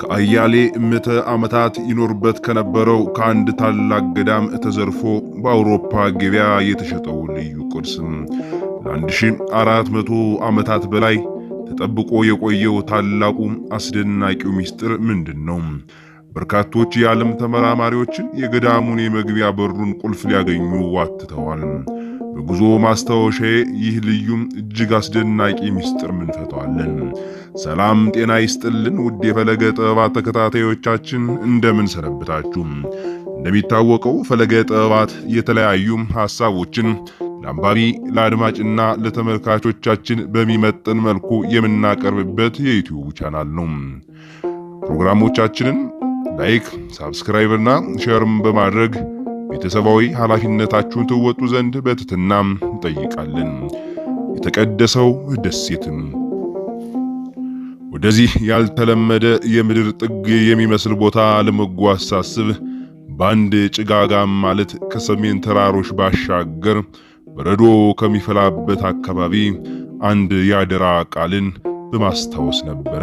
ከአያሌ ምዕተ ዓመታት ይኖርበት ከነበረው ከአንድ ታላቅ ገዳም ተዘርፎ በአውሮፓ ገበያ የተሸጠው ልዩ ቅርስም ለ1400 ዓመታት በላይ ተጠብቆ የቆየው ታላቁ አስደናቂው ምስጢር ምንድን ነው? በርካቶች የዓለም ተመራማሪዎች የገዳሙን የመግቢያ በሩን ቁልፍ ሊያገኙ ዋትተዋል። በጉዞ ማስታወሻዬ ይህ ልዩም እጅግ አስደናቂ ምስጢር ምንፈተዋለን። ሰላም ጤና ይስጥልን ውድ የፈለገ ጥበባት ተከታታዮቻችን እንደምን ሰነበታችሁ? እንደሚታወቀው ፈለገ ጥበባት የተለያዩ ሐሳቦችን ለአንባቢ ለአድማጭና ለተመልካቾቻችን በሚመጥን መልኩ የምናቀርብበት የዩቲዩብ ቻናል ነው። ፕሮግራሞቻችንን ላይክ፣ እና ሼርም በማድረግ ቤተሰባዊ ኃላፊነታችሁን ትወጡ ዘንድ በትትናም እንጠይቃለን። የተቀደሰው ደሴትም ወደዚህ ያልተለመደ የምድር ጥግ የሚመስል ቦታ ለመጓዝ ሳስብ በአንድ ጭጋጋም ማለት ከሰሜን ተራሮች ባሻገር በረዶ ከሚፈላበት አካባቢ አንድ ያደራ ቃልን በማስታወስ ነበረ።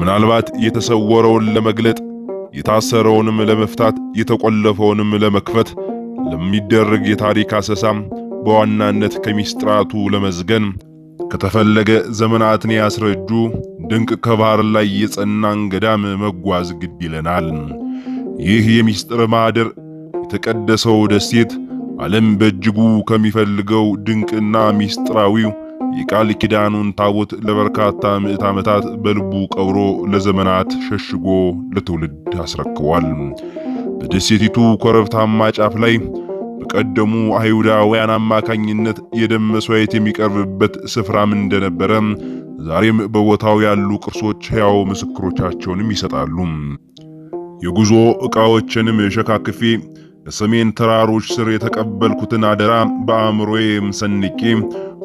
ምናልባት የተሰወረውን ለመግለጥ የታሰረውንም ለመፍታት የተቆለፈውንም ለመክፈት ለሚደረግ የታሪክ አሰሳም በዋናነት ከሚስጥራቱ ለመዝገን ከተፈለገ ዘመናትን ያስረጁ ድንቅ ከባህር ላይ የጸናን ገዳም መጓዝ ግድ ይለናል። ይህ የሚስጥር ማህደር የተቀደሰው ደሴት ዓለም በእጅጉ ከሚፈልገው ድንቅና ሚስጥራዊው የቃል ኪዳኑን ታቦት ለበርካታ ምዕት ዓመታት በልቡ ቀብሮ ለዘመናት ሸሽጎ ለትውልድ አስረክቧል። በደሴቲቱ ኮረብታማ ጫፍ ላይ በቀደሙ አይሁዳውያን አማካኝነት የደም መስዋዕት የሚቀርብበት ስፍራም እንደነበረ ዛሬም በቦታው ያሉ ቅርሶች ሕያው ምስክሮቻቸውንም ይሰጣሉ። የጉዞ ዕቃዎችንም ሸካክፌ በሰሜን ተራሮች ስር የተቀበልኩትን አደራ በአእምሮዬም ሰንቄ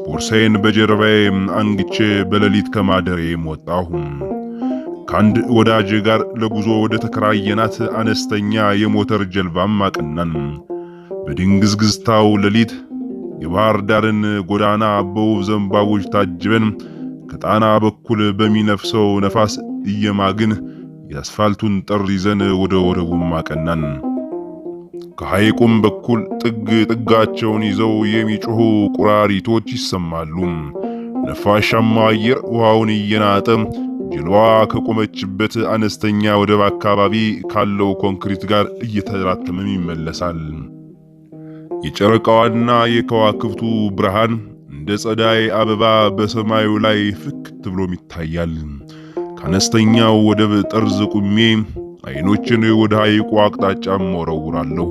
ቦርሳዬን በጀርባዬ አንግቼ በሌሊት ከማደሬም ወጣሁ። ከአንድ ወዳጅ ጋር ለጉዞ ወደ ተከራየናት አነስተኛ የሞተር ጀልባም አቀናን። በድንግዝግዝታው ሌሊት የባህር ዳርን ጎዳና በውብ ዘንባቦች ታጅበን ከጣና በኩል በሚነፍሰው ነፋስ እየማግን የአስፋልቱን ጠር ይዘን ወደ ወደቡም አቀናን። ከሐይቁም በኩል ጥግ ጥጋቸውን ይዘው የሚጮኹ ቁራሪቶች ይሰማሉ። ነፋሻማ አየር ውሃውን እየናጠ ጀልባዋ ከቆመችበት አነስተኛ ወደብ አካባቢ ካለው ኮንክሪት ጋር እየተራተመም ይመለሳል። የጨረቃዋና የከዋክብቱ ብርሃን እንደ ጸዳይ አበባ በሰማዩ ላይ ፍክት ብሎም ይታያል። ከአነስተኛው ወደብ ጠርዝ ቁሜ አይኖችን ወደ ሐይቁ አቅጣጫም ወረውራለሁ።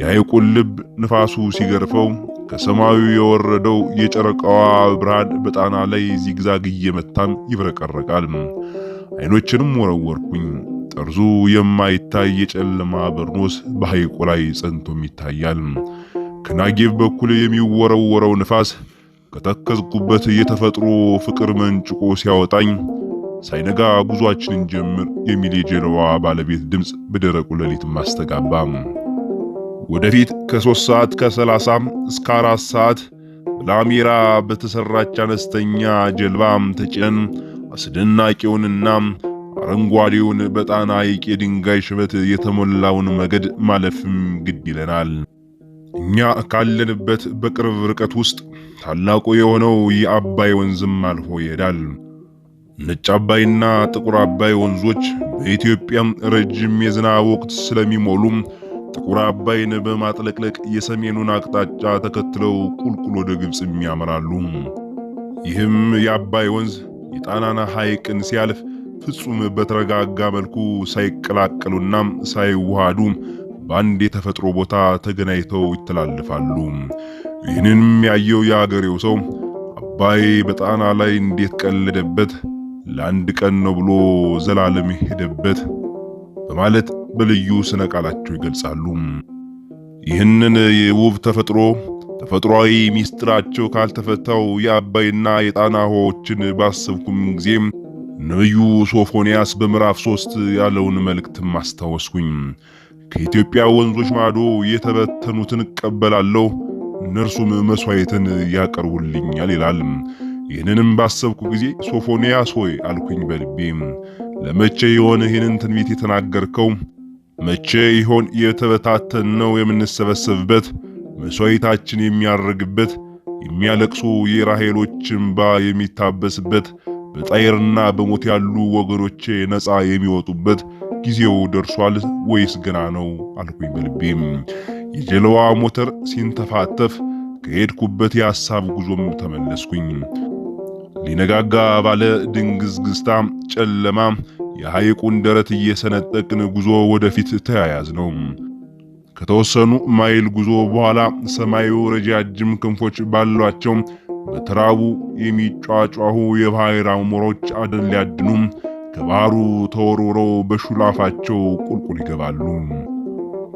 የሐይቁን ልብ ንፋሱ ሲገርፈው ከሰማዩ የወረደው የጨረቃዋ ብርሃን በጣና ላይ ዚግዛግ እየመታም ይብረቀረቃል። አይኖችንም ወረወርኩኝ። ጠርዙ የማይታይ የጨለማ በርኖስ በሐይቁ ላይ ጸንቶም ይታያል። ከናጌብ በኩል የሚወረወረው ንፋስ ከተከዝኩበት የተፈጥሮ ፍቅር መንጭቆ ሲያወጣኝ ሳይነጋ ጉዟችንን ጀምር የሚል የጀልባዋ ባለቤት ድምፅ በደረቁ ሌሊት ማስተጋባ ወደፊት ከሦስት ሰዓት ከሰላሳ እስከ አራት ሰዓት ላሜራ በተሰራች አነስተኛ ጀልባም ተጭነን አስደናቂውንና አረንጓዴውን በጣና ሐይቅ የድንጋይ ሽበት የተሞላውን መገድ ማለፍም ግድ ይለናል። እኛ ካለንበት በቅርብ ርቀት ውስጥ ታላቁ የሆነው የአባይ ወንዝም አልፎ ይሄዳል። ነጭ አባይና ጥቁር አባይ ወንዞች በኢትዮጵያም ረጅም የዝናብ ወቅት ስለሚሞሉም ጥቁር አባይን በማጥለቅለቅ የሰሜኑን አቅጣጫ ተከትለው ቁልቁል ወደ ግብፅም ያመራሉ። ይህም የአባይ ወንዝ የጣናና ሐይቅን ሲያልፍ ፍጹም በተረጋጋ መልኩ ሳይቀላቀሉና ሳይዋሃዱ በአንድ የተፈጥሮ ቦታ ተገናኝተው ይተላልፋሉ። ይህንንም ያየው የአገሬው ሰው አባይ በጣና ላይ እንዴት ቀለደበት፣ ለአንድ ቀን ነው ብሎ ዘላለም ሄደበት በማለት በልዩ ስነ ቃላቸው ይገልጻሉ። ይህንን የውብ ተፈጥሮ ተፈጥሯዊ ሚስጥራቸው ካልተፈታው የአባይና የጣና ውሃዎችን ባሰብኩም ጊዜም ነዩ ሶፎንያስ በምዕራፍ ሶስት ያለውን መልእክት አስታወስኩኝ ከኢትዮጵያ ወንዞች ማዶ የተበተኑትን እቀበላለሁ፣ እነርሱም መሥዋዕትን ያቀርቡልኛል ይላል። ይህንንም ባሰብኩ ጊዜ ሶፎንያስ ሆይ አልኩኝ በልቤ፣ ለመቼ የሆነ ይህንን ትንቢት የተናገርከው? መቼ ይሆን የተበታተንነው የምንሰበሰብበት መሥዋዕታችን የሚያርግበት የሚያለቅሱ የራሔሎች እምባ የሚታበስበት በጣይርና በሞት ያሉ ወገኖቼ ነፃ የሚወጡበት ጊዜው ደርሷል ወይስ ገና ነው አልኩኝ በልቤም። የጀልባዋ ሞተር ሲንተፋተፍ ከሄድኩበት የሐሳብ ጉዞም ተመለስኩኝ። ሊነጋጋ ባለ ድንግዝግዝታ ጨለማ የሐይቁን ደረት እየሰነጠቅን ጉዞ ወደፊት ተያያዝ ነው። ከተወሰኑ ማይል ጉዞ በኋላ ሰማዩ ረጃጅም ክንፎች ባሏቸው በተራቡ የሚጫጫሁ የባሕር አሞሮች አደን ሊያድኑም ከባሕሩ ተወርውረው በሹላፋቸው ቁልቁል ይገባሉ።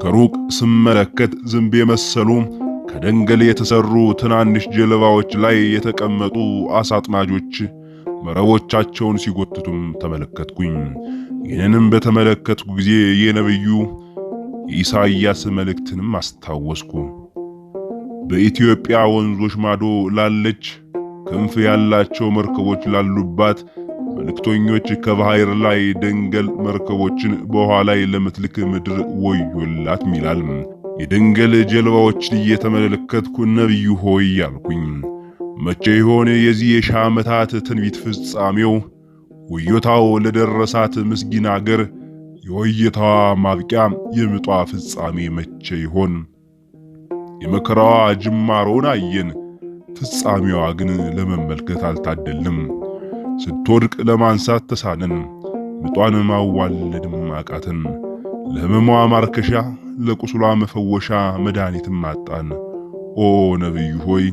ከሩቅ ስመለከት ዝንብ የመሰሉ ከደንገል የተሰሩ ትናንሽ ጀልባዎች ላይ የተቀመጡ አሳጥማጆች መረቦቻቸውን ሲጎትቱም ተመለከትኩኝ። ይህንንም በተመለከትኩ ጊዜ የነቢዩ ኢሳይያስ መልእክትንም አስታወስኩ። በኢትዮጵያ ወንዞች ማዶ ላለች ክንፍ ያላቸው መርከቦች ላሉባት መልክተኞች ከባህር ላይ ደንገል መርከቦችን በውሃ ላይ ለምትልክ ምድር ወዮላት ሚላል። የደንገል ጀልባዎችን እየተመለከትኩ ነቢዩ ሆይ ያልኩኝ፣ መቼ ይሆን የዚህ የሺህ ዓመታት ትንቢት ፍጻሜው? ወዮታው ለደረሳት ምስጊን አገር የወየታዋ ማብቂያ የምጧ ፍጻሜ መቼ ይሆን? የመከራዋ ጅማሮን አየን። ፍጻሜዋ ግን ለመመልከት አልታደልም። ስትወድቅ ለማንሳት ተሳንን። ምጧን ማዋለድም አቃትን። ለህመሟ ማርከሻ፣ ለቁስሏ መፈወሻ መድኃኒትም አጣን። ኦ ነቢዩ ሆይ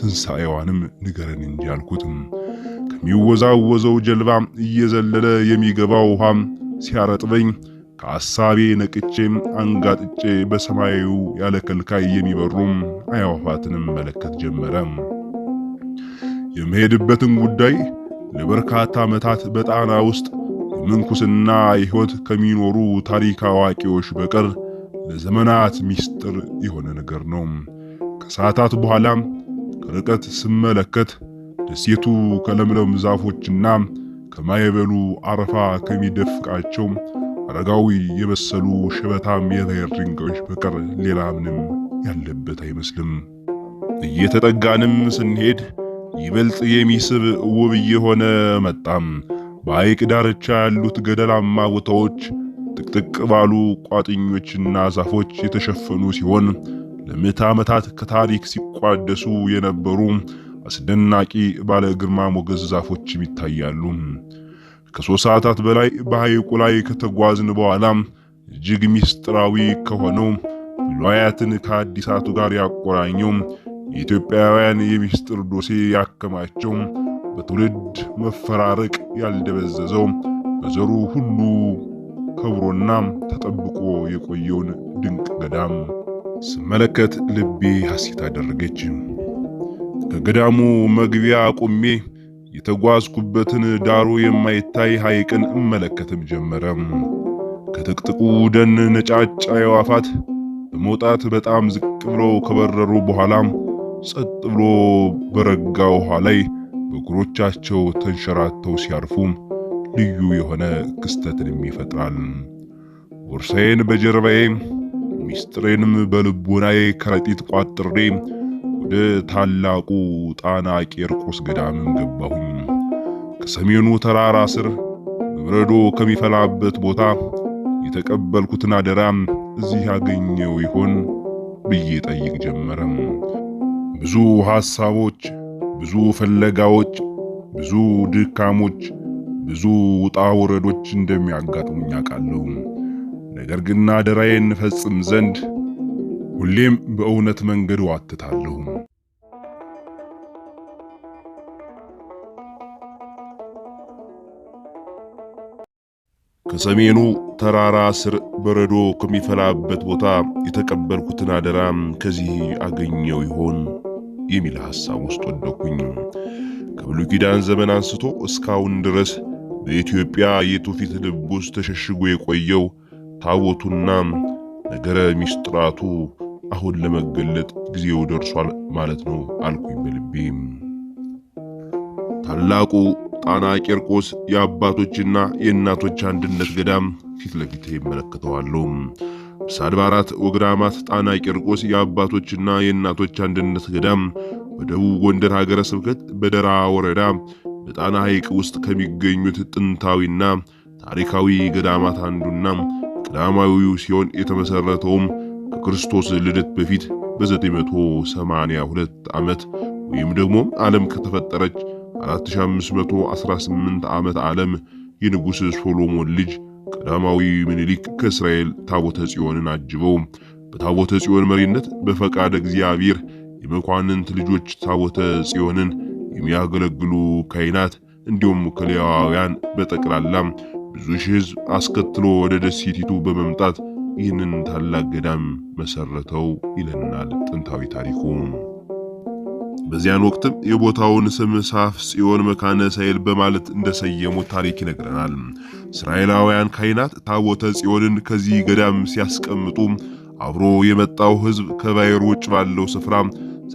ትንሣኤዋንም ንገረን እንጂ አልኩትም። ከሚወዛወዘው ጀልባ እየዘለለ የሚገባው ውሃም ሲያረጥበኝ ከአሳቤ ነቅቼም አንጋጥጬ በሰማዩ ያለ ከልካይ የሚበሩም አዕዋፋትንም መለከት ጀመረ። የምሄድበትን ጉዳይ ለበርካታ ዓመታት በጣና ውስጥ የምንኩስና ሕይወት ከሚኖሩ ታሪክ አዋቂዎች በቀር ለዘመናት ሚስጥር የሆነ ነገር ነው። ከሰዓታት በኋላ ከርቀት ስመለከት ደሴቱ ከለምለም ዛፎችና ከማይበሉ አረፋ ከሚደፍቃቸው አረጋዊ የመሰሉ ሽበታም የታየር ድንጋዮች በቀር ሌላ ምንም ያለበት አይመስልም። እየተጠጋንም ስንሄድ ይበልጥ የሚስብ ውብ እየሆነ መጣም። በሐይቅ ዳርቻ ያሉት ገደላማ ቦታዎች ጥቅጥቅ ባሉ ቋጥኞችና ዛፎች የተሸፈኑ ሲሆን ለምት ዓመታት ከታሪክ ሲቋደሱ የነበሩ አስደናቂ ባለ ግርማ ሞገስ ዛፎችም ይታያሉ። ከሶስት ሰዓታት በላይ በሐይቁ ላይ ከተጓዝን በኋላም እጅግ ሚስጥራዊ ከሆነው ብሉያትን ከአዲሳቱ ጋር ያቆራኘው የኢትዮጵያውያን የምስጢር ዶሴ ያከማቸው በትውልድ መፈራረቅ ያልደበዘዘው በዘሩ ሁሉ ከብሮና ተጠብቆ የቆየውን ድንቅ ገዳም ስመለከት ልቤ ሐሴት አደረገች። ከገዳሙ መግቢያ ቁሜ። የተጓዝኩበትን ዳሩ የማይታይ ሐይቅን እመለከትም ጀመረ! ከጥቅጥቁ ደን ነጫጫ የዋፋት በመውጣት በጣም ዝቅ ብሎ ከበረሩ በኋላ ጸጥ ብሎ በረጋ ውሃ ላይ በእግሮቻቸው ተንሸራተው ሲያርፉ ልዩ የሆነ ክስተትንም ይፈጥራል። ቦርሳዬን በጀርባዬ ሚስጥሬንም በልቡናዬ ከረጢት ቋጥሬ ወደ ታላቁ ጣና ቂርቆስ ገዳምም ገባሁኝ። ከሰሜኑ ተራራ ስር በበረዶ ከሚፈላበት ቦታ የተቀበልኩትን አደራ እዚህ ያገኘው ይሆን ብዬ ጠይቅ ጀመረም። ብዙ ሐሳቦች፣ ብዙ ፍለጋዎች፣ ብዙ ድካሞች፣ ብዙ ውጣ ውረዶች እንደሚያጋጥሙኝ አውቃለሁ። ነገር ግን አደራዬን ፈጽም ዘንድ ሁሌም በእውነት መንገድ ዋትታለሁ። ከሰሜኑ ተራራ ስር በረዶ ከሚፈላበት ቦታ የተቀበልኩትን አደራ ከዚህ አገኘው ይሆን የሚል ሐሳብ ውስጥ ወደኩኝ። ከብሉይ ኪዳን ዘመን አንስቶ እስካሁን ድረስ በኢትዮጵያ የትውፊት ልብ ውስጥ ተሸሽጎ የቆየው ታቦቱና ነገረ ሚስጥራቱ አሁን ለመገለጥ ጊዜው ደርሷል ማለት ነው አልኩኝ በልቤ። ታላቁ ጣና ቂርቆስ የአባቶችና የእናቶች አንድነት ገዳም ፊት ለፊት ይመለከተዋሉ። ሳድባራት ወገዳማት ጣና ቂርቆስ የአባቶችና የእናቶች አንድነት ገዳም በደቡብ ጎንደር ሀገረ ስብከት በደራ ወረዳ በጣና ሐይቅ ውስጥ ከሚገኙት ጥንታዊና ታሪካዊ ገዳማት አንዱና ቀዳማዊው ሲሆን የተመሰረተውም ከክርስቶስ ልደት በፊት በ982 ዓመት ወይም ደግሞ ዓለም ከተፈጠረች 4518 ዓመት ዓለም የንጉሥ ሶሎሞን ልጅ ቀዳማዊ ምኒልክ ከእስራኤል ታቦተ ጽዮንን አጅበው በታቦተ ጽዮን መሪነት በፈቃድ እግዚአብሔር የመኳንንት ልጆች ታቦተ ጽዮንን የሚያገለግሉ ካይናት እንዲሁም ከሌዋውያን በጠቅላላ ብዙ ሺህ ሕዝብ አስከትሎ ወደ ደሴቲቱ በመምጣት ይህንን ታላቅ ገዳም መሰረተው ይለናል ጥንታዊ ታሪኩ። በዚያን ወቅትም የቦታውን ስም ሳፍ ጽዮን መካነ እስራኤል በማለት እንደሰየሙት ታሪክ ይነግረናል። እስራኤላውያን ካህናት ታቦተ ጽዮንን ከዚህ ገዳም ሲያስቀምጡ አብሮ የመጣው ሕዝብ ከባይር ውጭ ባለው ስፍራ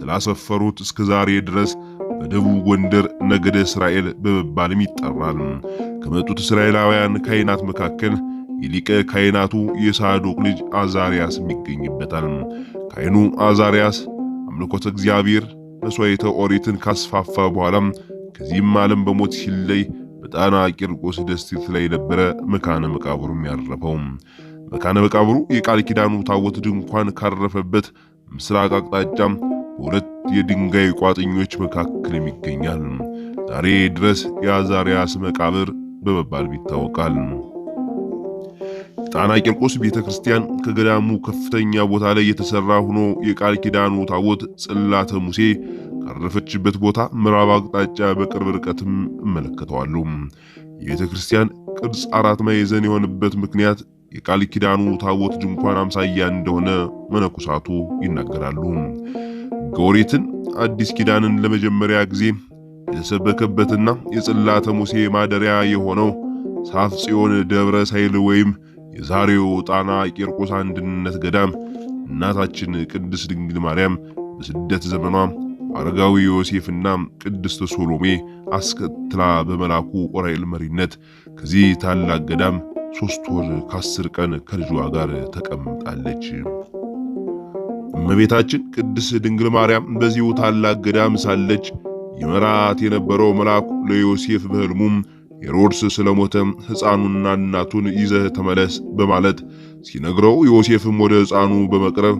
ስላሰፈሩት እስከ ዛሬ ድረስ በደቡብ ጎንደር ነገደ እስራኤል በመባልም ይጠራል። ከመጡት እስራኤላውያን ካህናት መካከል የሊቀ ካህናቱ የሳዶቅ ልጅ አዛሪያስም ይገኝበታል። ካህኑ አዛሪያስ አምልኮተ እግዚአብሔር መስዋዕተ ኦሪትን ካስፋፋ በኋላም ከዚህም ዓለም በሞት ሲለይ በጣና ቂርቆስ ደሴት ላይ ነበረ መካነ መቃብሩም ያረፈው። መካነ መቃብሩ የቃል ኪዳኑ ታቦት ድንኳን ካረፈበት ምስራቅ አቅጣጫ በሁለት የድንጋይ ቋጥኞች መካከል ይገኛል። ዛሬ ድረስ የአዛሪያስ መቃብር በመባል ይታወቃል። ጣና ቂርቆስ ቤተ ክርስቲያን ከገዳሙ ከፍተኛ ቦታ ላይ የተሰራ ሆኖ የቃል ኪዳኑ ታቦት ጽላተ ሙሴ ካረፈችበት ቦታ ምዕራብ አቅጣጫ በቅርብ ርቀትም እመለከተዋለሁ። የቤተ ክርስቲያን ቅርጽ አራት ማዕዘን የሆነበት ምክንያት የቃል ኪዳኑ ታቦት ድንኳን አምሳያ እንደሆነ መነኮሳቱ ይናገራሉ። ጎሪትን አዲስ ኪዳንን ለመጀመሪያ ጊዜ የተሰበከበትና የጽላተ ሙሴ ማደሪያ የሆነው ሳፍ ጽዮን ደብረ ሳይል ወይም የዛሬው ጣና ቂርቆስ አንድነት ገዳም እናታችን ቅድስት ድንግል ማርያም በስደት ዘመኗ አረጋዊ ዮሴፍና ቅድስት ሶሎሜ አስከትላ በመላኩ ዑራኤል መሪነት ከዚህ ታላቅ ገዳም ሶስት ወር ከአስር ቀን ከልጇ ጋር ተቀምጣለች። እመቤታችን ቅድስት ድንግል ማርያም በዚሁ ታላቅ ገዳም ሳለች ይመራት የነበረው መልአኩ ለዮሴፍ በሕልሙም ሄሮድስ ስለሞተ ሕፃኑንና እናቱን ይዘህ ተመለስ በማለት ሲነግረው ዮሴፍም ወደ ሕፃኑ በመቅረብ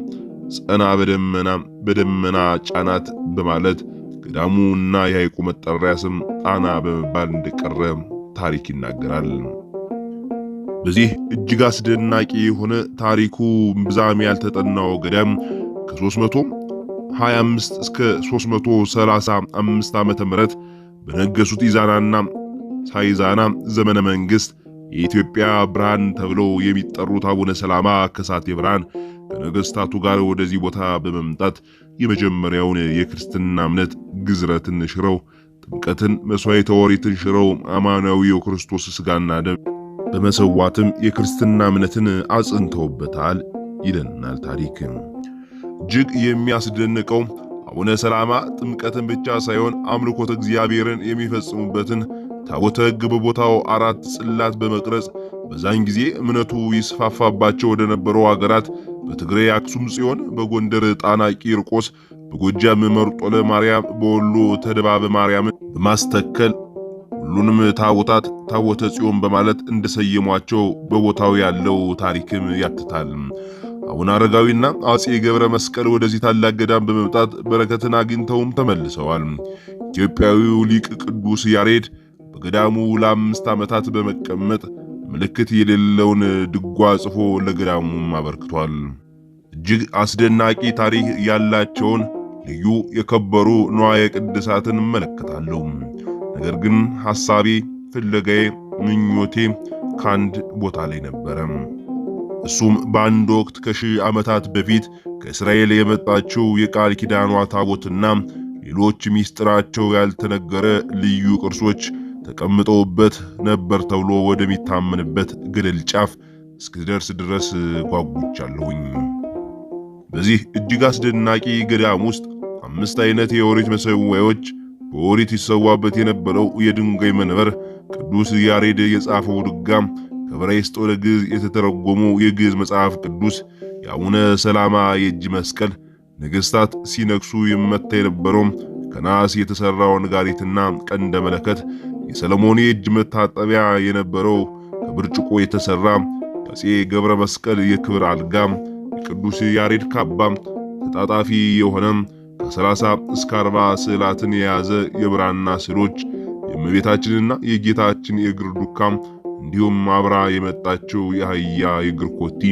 ጸና በደመና በደመና ጫናት በማለት ገዳሙ እና የሐይቁ መጠሪያ ስም ጣና በመባል እንደቀረ ታሪክ ይናገራል። በዚህ እጅግ አስደናቂ የሆነ ታሪኩ ብዛም ያልተጠናው ገዳም ከ325 እስከ 335 ዓ ም በነገሱት ኢዛናና ሳይዛና ዘመነ መንግስት የኢትዮጵያ ብርሃን ተብለው የሚጠሩት አቡነ ሰላማ ከሳቴ ብርሃን ከነገስታቱ ጋር ወደዚህ ቦታ በመምጣት የመጀመሪያውን የክርስትና እምነት ግዝረትን ሽረው ጥምቀትን፣ መስዋዕተ ኦሪትን ሽረው አማናዊ የክርስቶስ ስጋና ደም በመሰዋትም የክርስትና እምነትን አጽንተውበታል ይለናል ታሪክ። እጅግ የሚያስደንቀው አቡነ ሰላማ ጥምቀትን ብቻ ሳይሆን አምልኮተ እግዚአብሔርን የሚፈጽሙበትን ታቦተ ሕግ በቦታው አራት ጽላት በመቅረጽ በዛን ጊዜ እምነቱ ይስፋፋባቸው ወደ ነበሩ አገራት በትግራይ አክሱም ጽዮን፣ በጎንደር ጣና ቂርቆስ፣ በጎጃም መርጦለ ማርያም፣ በወሎ ተደባበ ማርያም በማስተከል ሁሉንም ታቦታት ታቦተ ጽዮን በማለት እንደሰየሟቸው በቦታው ያለው ታሪክም ያትታል። አቡነ አረጋዊና አጼ ገብረ መስቀል ወደዚህ ታላቅ ገዳም በመምጣት በረከትን አግኝተውም ተመልሰዋል። ኢትዮጵያዊው ሊቅ ቅዱስ ያሬድ በገዳሙ ለአምስት ዓመታት በመቀመጥ ምልክት የሌለውን ድጓ ጽፎ ለገዳሙም አበርክቷል። እጅግ አስደናቂ ታሪክ ያላቸውን ልዩ የከበሩ ንዋየ ቅድሳትን እመለከታለሁ። ነገር ግን ሐሳቤ፣ ፍለጋዬ፣ ምኞቴ ከአንድ ቦታ ላይ ነበረ። እሱም በአንድ ወቅት ከሺህ ዓመታት በፊት ከእስራኤል የመጣችው የቃል ኪዳኗ ታቦትና ሌሎች ሚስጥራቸው ያልተነገረ ልዩ ቅርሶች ተቀምጠውበት ነበር ተብሎ ወደሚታመንበት ገደል ጫፍ እስክደርስ ድረስ ጓጉቻለሁኝ። በዚህ እጅግ አስደናቂ ገዳም ውስጥ አምስት አይነት የኦሪት መሰዊያዎች፣ በኦሪት ይሰዋበት የነበረው የድንጋይ መንበር፣ ቅዱስ ያሬድ የጻፈው ድጋም ከዕብራይስጥ ወደ ግዕዝ የተተረጎሙ የግዕዝ መጽሐፍ ቅዱስ፣ የአቡነ ሰላማ የእጅ መስቀል፣ ነገሥታት ሲነግሱ ይመታ የነበረው ከናስ የተሠራው ነጋሪትና ቀንደ መለከት የሰለሞን የእጅ መታጠቢያ የነበረው ከብርጭቆ የተሰራ ከአፄ ገብረ መስቀል የክብር አልጋ የቅዱስ ያሬድ ካባ ተጣጣፊ የሆነም ከ30 እስከ 40 ስዕላትን የያዘ የብራና ስዕሎች የእመቤታችንና የጌታችን የእግር ዱካም እንዲሁም አብራ የመጣችው የአህያ የእግር ኮቲ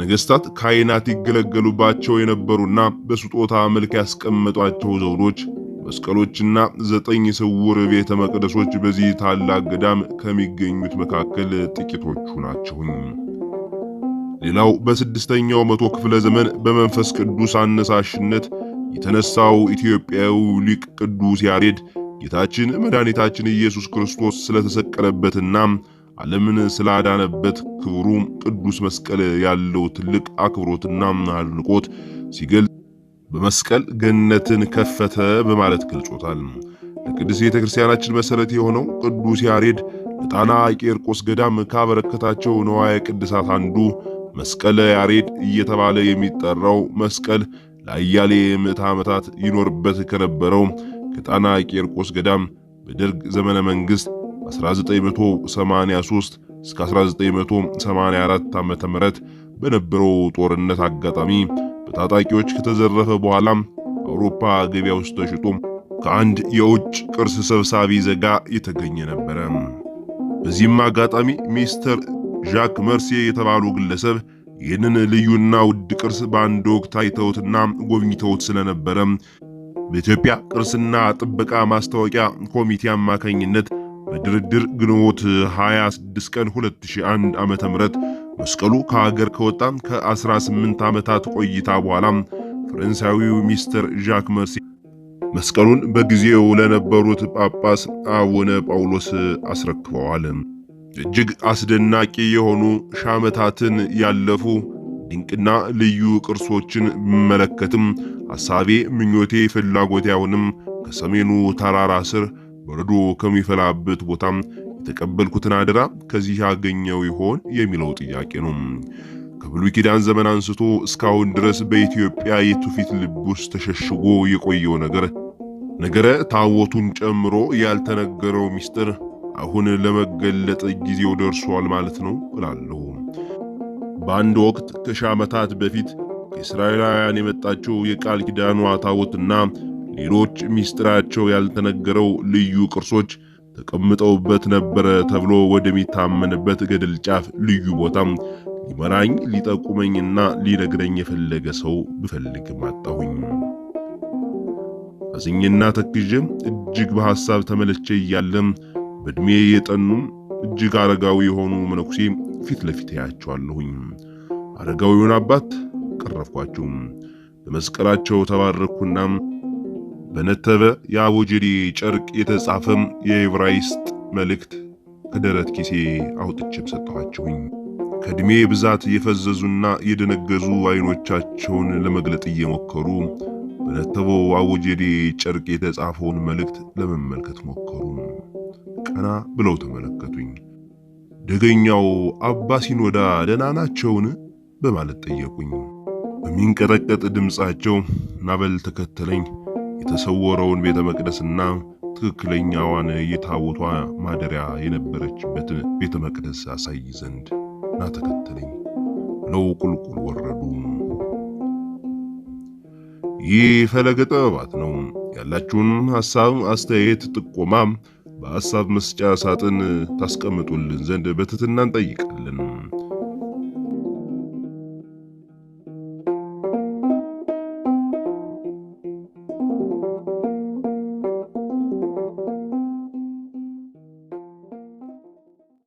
ነገስታት ካይናት ይገለገሉባቸው የነበሩና በስጦታ መልክ ያስቀመጧቸው ዘውዶች መስቀሎችና ዘጠኝ ስውር ቤተ መቅደሶች በዚህ ታላቅ ገዳም ከሚገኙት መካከል ጥቂቶቹ ናቸው። ሌላው በስድስተኛው መቶ ክፍለ ዘመን በመንፈስ ቅዱስ አነሳሽነት የተነሳው ኢትዮጵያዊ ሊቅ ቅዱስ ያሬድ ጌታችን መድኃኒታችን ኢየሱስ ክርስቶስ ስለተሰቀለበትና ዓለምን ስላዳነበት ክብሩ ቅዱስ መስቀል ያለው ትልቅ አክብሮትና አድንቆት ሲገልጽ በመስቀል ገነትን ከፈተ በማለት ገልጾታል። ለቅድስት ቤተ ክርስቲያናችን መሠረት የሆነው ቅዱስ ያሬድ ለጣና ቂርቆስ ገዳም ካበረከታቸው ንዋየ ቅድሳት አንዱ መስቀለ ያሬድ እየተባለ የሚጠራው መስቀል ለአያሌ ምዕተ ዓመታት ይኖርበት ከነበረው ከጣና ቂርቆስ ገዳም በደርግ ዘመነ መንግሥት 1983 እስከ 1984 ም በነበረው ጦርነት አጋጣሚ በታጣቂዎች ከተዘረፈ በኋላም አውሮፓ ገበያ ውስጥ ተሽጦ ከአንድ የውጭ ቅርስ ሰብሳቢ ዘጋ የተገኘ ነበረ። በዚህም አጋጣሚ ሚስተር ዣክ መርሴ የተባሉ ግለሰብ ይህንን ልዩና ውድ ቅርስ በአንድ ወቅት አይተውትና ጎብኝተውት ስለነበረ በኢትዮጵያ ቅርስና ጥበቃ ማስታወቂያ ኮሚቴ አማካኝነት በድርድር ግንቦት 26 ቀን 2001 ዓ.ም መስቀሉ ከሀገር ከወጣ ከ18 ዓመታት ቆይታ በኋላ ፈረንሳዊው ሚስተር ዣክ መርሲ መስቀሉን በጊዜው ለነበሩት ጳጳስ አቡነ ጳውሎስ አስረክበዋል። እጅግ አስደናቂ የሆኑ ሺህ ዓመታትን ያለፉ ድንቅና ልዩ ቅርሶችን ብመለከትም ሐሳቤ፣ ምኞቴ፣ ፍላጎቴ አሁንም ከሰሜኑ ተራራ ስር በረዶ ከሚፈላበት ቦታም የተቀበልኩትን አደራ ከዚህ ያገኘው ይሆን የሚለው ጥያቄ ነው። ከብሉይ ኪዳን ዘመን አንስቶ እስካሁን ድረስ በኢትዮጵያ የትውፊት ልብ ውስጥ ተሸሽጎ የቆየው ነገር ነገረ ታቦቱን ጨምሮ ያልተነገረው ምስጢር አሁን ለመገለጥ ጊዜው ደርሷል ማለት ነው እላለሁ። በአንድ ወቅት ከሺህ ዓመታት በፊት ከእስራኤላውያን የመጣችው የቃል ኪዳኗ ታቦትና ሌሎች ምስጢራቸው ያልተነገረው ልዩ ቅርሶች ተቀምጠውበት ነበረ ተብሎ ወደሚታመንበት ገደል ጫፍ ልዩ ቦታ ሊመራኝ ሊጠቁመኝና ሊነግረኝ የፈለገ ሰው ብፈልግ አጣሁኝ። አዝኜና ተክዤ እጅግ በሐሳብ ተመለቼ እያለም በእድሜ የጠኑም እጅግ አረጋዊ የሆኑ መነኩሴ ፊት ለፊት ያያቸዋለሁኝ። አረጋዊውን አባት ቀረብኳቸው። በመስቀላቸው ተባረኩና በነተበ የአቦጀዴ ጨርቅ የተጻፈም የዕብራይስጥ መልእክት ከደረት ኪሴ አውጥቼም ሰጠኋችሁኝ። ከዕድሜ ብዛት የፈዘዙና የደነገዙ አይኖቻቸውን ለመግለጥ እየሞከሩ በነተበው አቦጀዴ ጨርቅ የተጻፈውን መልእክት ለመመልከት ሞከሩ። ቀና ብለው ተመለከቱኝ። ደገኛው አባ ሲኖዳ ደህና ናቸውን? በማለት ጠየቁኝ። በሚንቀጠቀጥ ድምፃቸው ናበል ተከተለኝ የተሰወረውን ቤተ መቅደስና ትክክለኛዋን የታቦቷ ማደሪያ የነበረችበትን ቤተ መቅደስ አሳይ ዘንድ ና ተከተለኝ ብለው ቁልቁል ወረዱ። ይህ ፈለገ ጥበባት ነው። ያላችሁን ሐሳብ፣ አስተያየት፣ ጥቆማ በሐሳብ መስጫ ሳጥን ታስቀምጡልን ዘንድ በትህትና እንጠይቃለን።